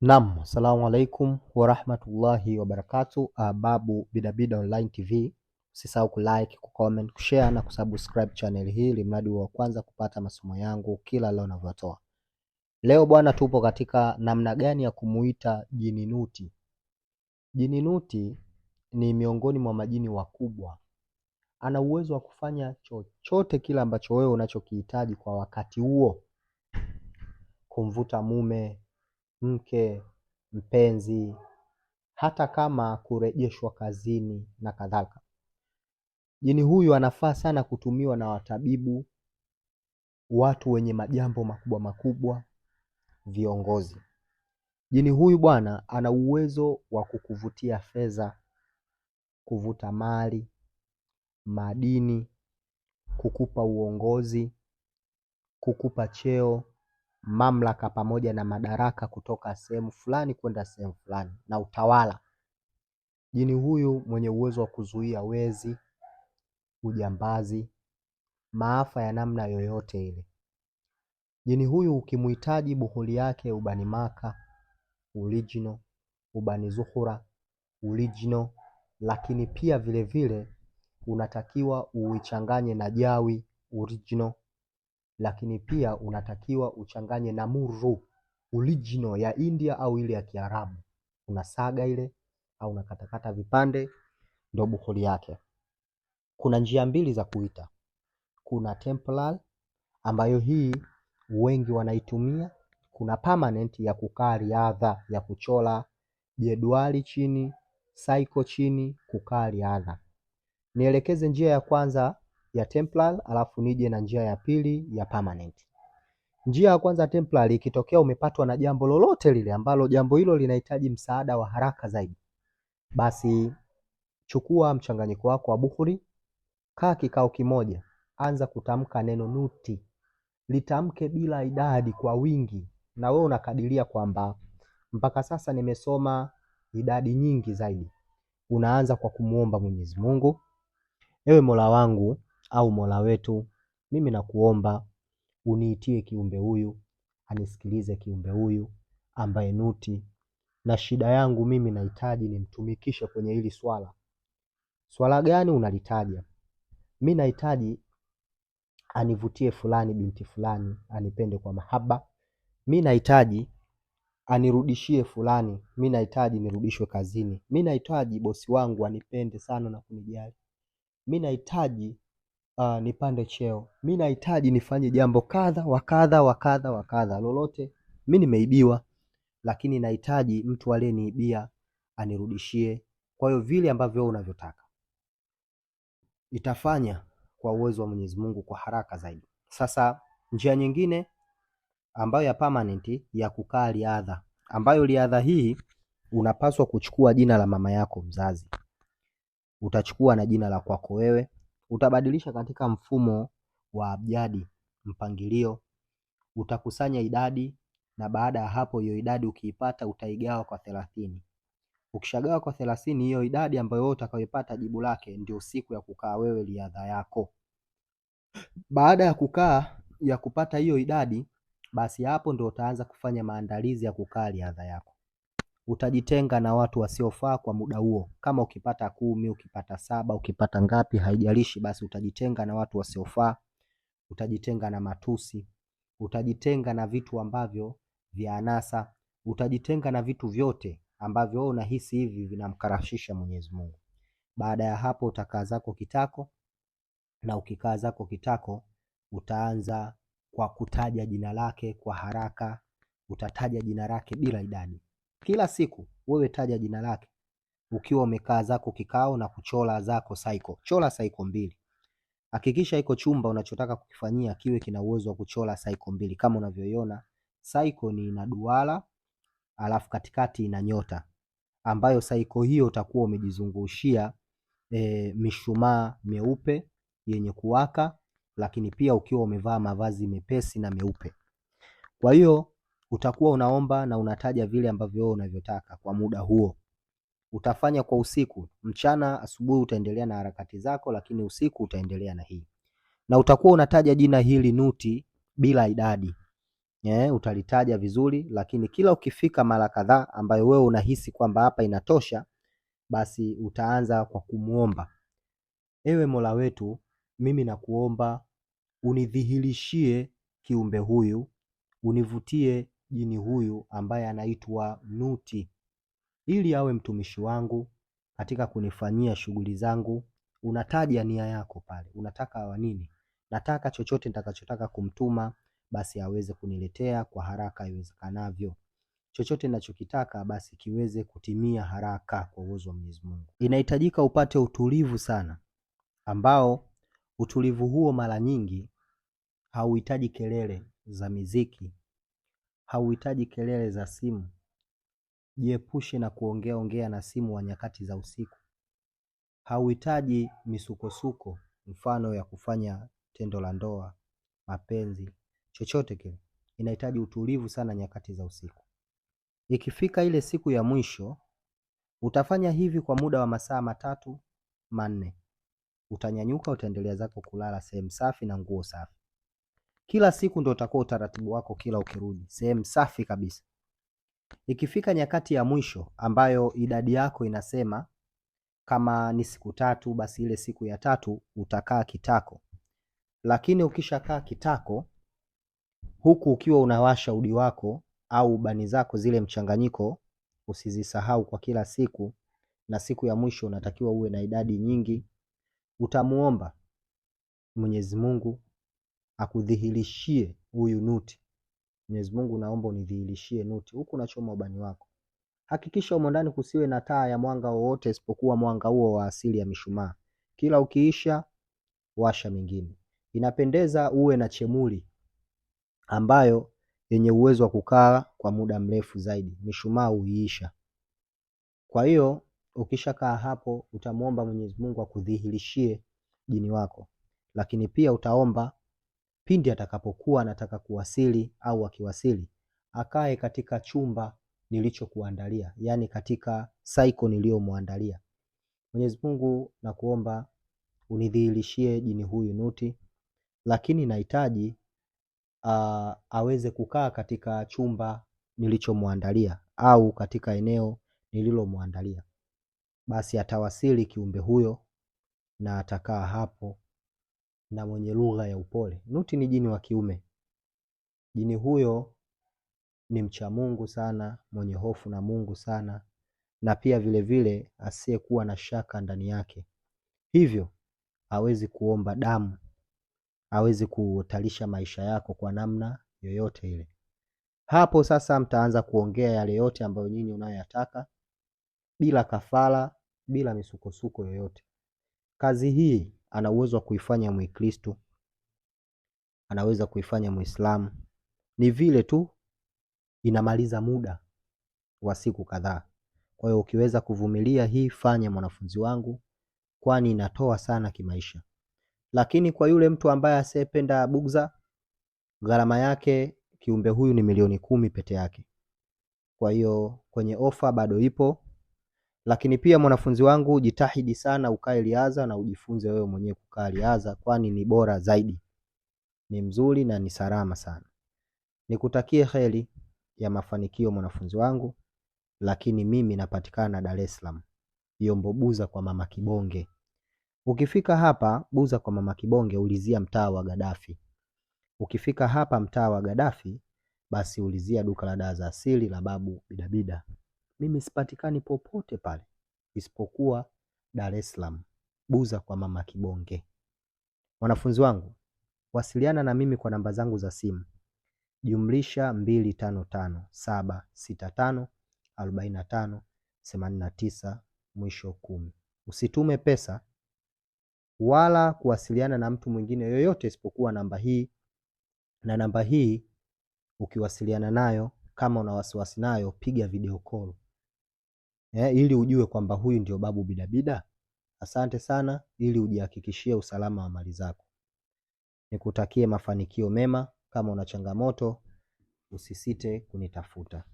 Naam, assalamu alaikum warahmatullahi wabarakatu. Babu Bidabida Online TV, usisahau kulike, kucomment, kushare na kusubscribe channel hii ili mradi wa kwanza kupata masomo yangu kila leo ninavyotoa. Leo bwana, tupo katika namna gani ya kumuita jininuti. Jininuti ni miongoni mwa majini wakubwa, ana uwezo wa kufanya chochote kile ambacho wewe unachokihitaji kwa wakati huo, kumvuta mume mke, mpenzi, hata kama kurejeshwa kazini na kadhalika. Jini huyu anafaa sana kutumiwa na watabibu, watu wenye majambo makubwa makubwa, viongozi. Jini huyu bwana, ana uwezo wa kukuvutia fedha, kuvuta mali, madini, kukupa uongozi, kukupa cheo mamlaka pamoja na madaraka kutoka sehemu fulani kwenda sehemu fulani na utawala. Jini huyu mwenye uwezo wa kuzuia wezi, ujambazi, maafa ya namna yoyote ile. Jini huyu ukimuhitaji buhuli yake ubani maka ulijino, ubani zuhura ulijino, lakini pia vilevile unatakiwa uichanganye na jawi urijino lakini pia unatakiwa uchanganye na muru original ya India au ile ya Kiarabu, unasaga ile au unakatakata vipande, ndio bukhori yake. Kuna njia mbili za kuita. Kuna temporal ambayo hii wengi wanaitumia. Kuna permanent ya kukaa riadha ya kuchola jedwali chini, cycle chini, kukaa riadha. Nielekeze njia ya kwanza ya temporal alafu nije na njia ya pili ya permanent. Njia ya kwanza temporary, ikitokea umepatwa na jambo lolote lile ambalo jambo hilo linahitaji msaada wa haraka zaidi, basi chukua mchanganyiko wako wa bukhuri, kaa kikao kimoja, anza kutamka neno nuti, litamke bila idadi, kwa wingi, na wewe unakadiria kwamba mpaka sasa nimesoma idadi nyingi zaidi. Unaanza kwa kumwomba Mwenyezi Mungu, ewe Mola wangu au Mola wetu, mimi nakuomba uniitie kiumbe huyu, anisikilize kiumbe huyu ambaye Nuti, na shida yangu mimi nahitaji nimtumikishe kwenye hili swala. Swala gani unalitaja? Mi nahitaji anivutie fulani binti fulani, anipende kwa mahaba. Mi nahitaji anirudishie fulani, mi nahitaji nirudishwe kazini, mi nahitaji bosi wangu anipende sana na kunijali, mi nahitaji uh, nipande cheo, mi nahitaji nifanye jambo kadha wa kadha wa kadha wa kadha, lolote mi nimeibiwa, lakini nahitaji mtu aliyeniibia anirudishie, kwa hiyo vile ambavyo wewe unavyotaka. Itafanya kwa uwezo wa Mwenyezi Mungu kwa haraka zaidi. Sasa njia nyingine ambayo ya permanent ya kukaa riadha, ambayo riadha hii unapaswa kuchukua jina la mama yako mzazi, utachukua na jina la kwako wewe Utabadilisha katika mfumo wa abjadi mpangilio, utakusanya idadi na baada ya hapo hiyo idadi ukiipata utaigawa kwa thelathini. Ukishagawa kwa thelathini hiyo idadi ambayo wewe utakayoipata jibu lake ndio siku ya kukaa wewe riadha yako. Baada ya kukaa ya kupata hiyo idadi, basi hapo ndio utaanza kufanya maandalizi ya kukaa riadha yako utajitenga na watu wasiofaa kwa muda huo. Kama ukipata kumi, ukipata saba, ukipata ngapi, haijalishi, basi utajitenga na watu wasiofaa, utajitenga na matusi, utajitenga na vitu ambavyo vya anasa, utajitenga na vitu vyote ambavyo wewe unahisi hivi vinamkarashisha Mwenyezi Mungu. Baada ya hapo utakaa zako kitako, na ukikaa zako kitako utaanza kwa kutaja jina lake kwa haraka, utataja jina lake bila idadi. Kila siku wewe taja jina lake ukiwa umekaa zako kikao na kuchola zako saiko. Chola saiko mbili. Hakikisha iko chumba unachotaka kukifanyia kiwe kina uwezo wa kuchola saiko mbili kama unavyoiona saiko ni ina duara alafu katikati ina nyota ambayo saiko hiyo utakuwa umejizungushia e, mishumaa meupe yenye kuwaka, lakini pia ukiwa umevaa mavazi mepesi na meupe. Kwa hiyo utakuwa unaomba na unataja vile ambavyo wewe unavyotaka kwa muda huo. Utafanya kwa usiku, mchana, asubuhi utaendelea na harakati zako, lakini usiku utaendelea na hii, na utakuwa unataja jina hili NUTI bila idadi yeah, utalitaja vizuri, lakini kila ukifika mara kadhaa ambayo wewe unahisi kwamba hapa inatosha, basi utaanza kwa kumwomba, ewe Mola wetu, mimi nakuomba unidhihirishie kiumbe huyu, univutie jini huyu ambaye anaitwa Nuti ili awe mtumishi wangu katika kunifanyia shughuli zangu. Unataja nia yako pale, unataka awa nini? Nataka chochote nitakachotaka kumtuma basi aweze kuniletea kwa haraka iwezekanavyo, chochote ninachokitaka basi kiweze kutimia haraka kwa uwezo wa Mwenyezi Mungu. Inahitajika upate utulivu sana, ambao utulivu huo mara nyingi hauhitaji kelele za miziki hauhitaji kelele za simu. Jiepushe na kuongea ongea na simu wa nyakati za usiku. Hauhitaji misukosuko, mfano ya kufanya tendo la ndoa, mapenzi, chochote kile. Inahitaji utulivu sana nyakati za usiku. Ikifika ile siku ya mwisho, utafanya hivi kwa muda wa masaa matatu manne. Utanyanyuka, utaendelea zako kulala sehemu safi na nguo safi. Kila siku ndo utakuwa utaratibu wako kila ukirudi. Sehemu safi kabisa. Ikifika nyakati ya mwisho ambayo idadi yako inasema kama ni siku tatu, basi ile siku ya tatu utakaa kitako. Lakini ukishakaa kitako huku ukiwa unawasha udi wako au bani zako zile mchanganyiko, usizisahau kwa kila siku, na siku ya mwisho unatakiwa uwe na idadi nyingi. Utamuomba Mwenyezi Mungu akudhihirishie huyu Nuti. Mwenyezi Mungu, naomba unidhihirishie Nuti huku nachoma ubani wako. Hakikisha umo ndani kusiwe na taa ya mwanga wowote isipokuwa mwanga huo wa asili ya mishumaa. Kila ukiisha washa mingine. Inapendeza uwe na chemuli ambayo yenye uwezo wa kukaa kwa muda mrefu zaidi, mishumaa uiisha. Kwa hiyo ukishakaa hapo, utamwomba Mwenyezi Mungu akudhihirishie jini wako, lakini pia utaomba pindi atakapokuwa anataka kuwasili au akiwasili akae katika chumba nilichokuandalia, yaani katika saiko niliyomwandalia. Mwenyezi Mungu nakuomba unidhihirishie jini huyu nuti lakini nahitaji uh, aweze kukaa katika chumba nilichomwandalia au katika eneo nililomwandalia, basi atawasili kiumbe huyo na atakaa hapo na mwenye lugha ya upole. Nuti ni jini wa kiume. Jini huyo ni mcha Mungu sana, mwenye hofu na Mungu sana, na pia vilevile asiyekuwa na shaka ndani yake, hivyo hawezi kuomba damu, hawezi kutalisha maisha yako kwa namna yoyote ile. Hapo sasa mtaanza kuongea yale yote ambayo nyinyi unayoyataka bila kafara, bila misukosuko yoyote. Kazi hii ana uwezo wa kuifanya mwikristu anaweza kuifanya mwislamu Ni vile tu inamaliza muda wa siku kadhaa. Kwa hiyo ukiweza kuvumilia hii, fanya mwanafunzi wangu, kwani inatoa sana kimaisha. Lakini kwa yule mtu ambaye asiyependa bugza, gharama yake kiumbe huyu ni milioni kumi pete yake. Kwa hiyo kwenye ofa bado ipo. Lakini pia mwanafunzi wangu, jitahidi sana ukae riadha na ujifunze wewe mwenyewe kukaa riadha, kwani ni bora zaidi, ni mzuri na ni salama sana. Nikutakie heri ya mafanikio mwanafunzi wangu, lakini mimi napatikana Dar es Salaam, Yombo Buza kwa Mama Kibonge. Ukifika hapa Buza kwa Mama Kibonge, ulizia mtaa wa Gadafi. Ukifika hapa mtaa wa Gadafi, basi ulizia duka la dawa za asili la Babu Bidabida mimi sipatikani popote pale isipokuwa Dar es Salaam Buza kwa Mama Kibonge. Wanafunzi wangu, wasiliana na mimi kwa namba zangu za simu jumlisha 255 mwisho kumi. Usitume pesa wala kuwasiliana na mtu mwingine yoyote isipokuwa namba hii, na namba hii ukiwasiliana nayo, kama una wasiwasi nayo, piga video call eh, ili ujue kwamba huyu ndio babu bidabida. Asante sana, ili ujihakikishie usalama wa mali zako. Nikutakie mafanikio mema. Kama una changamoto, usisite kunitafuta.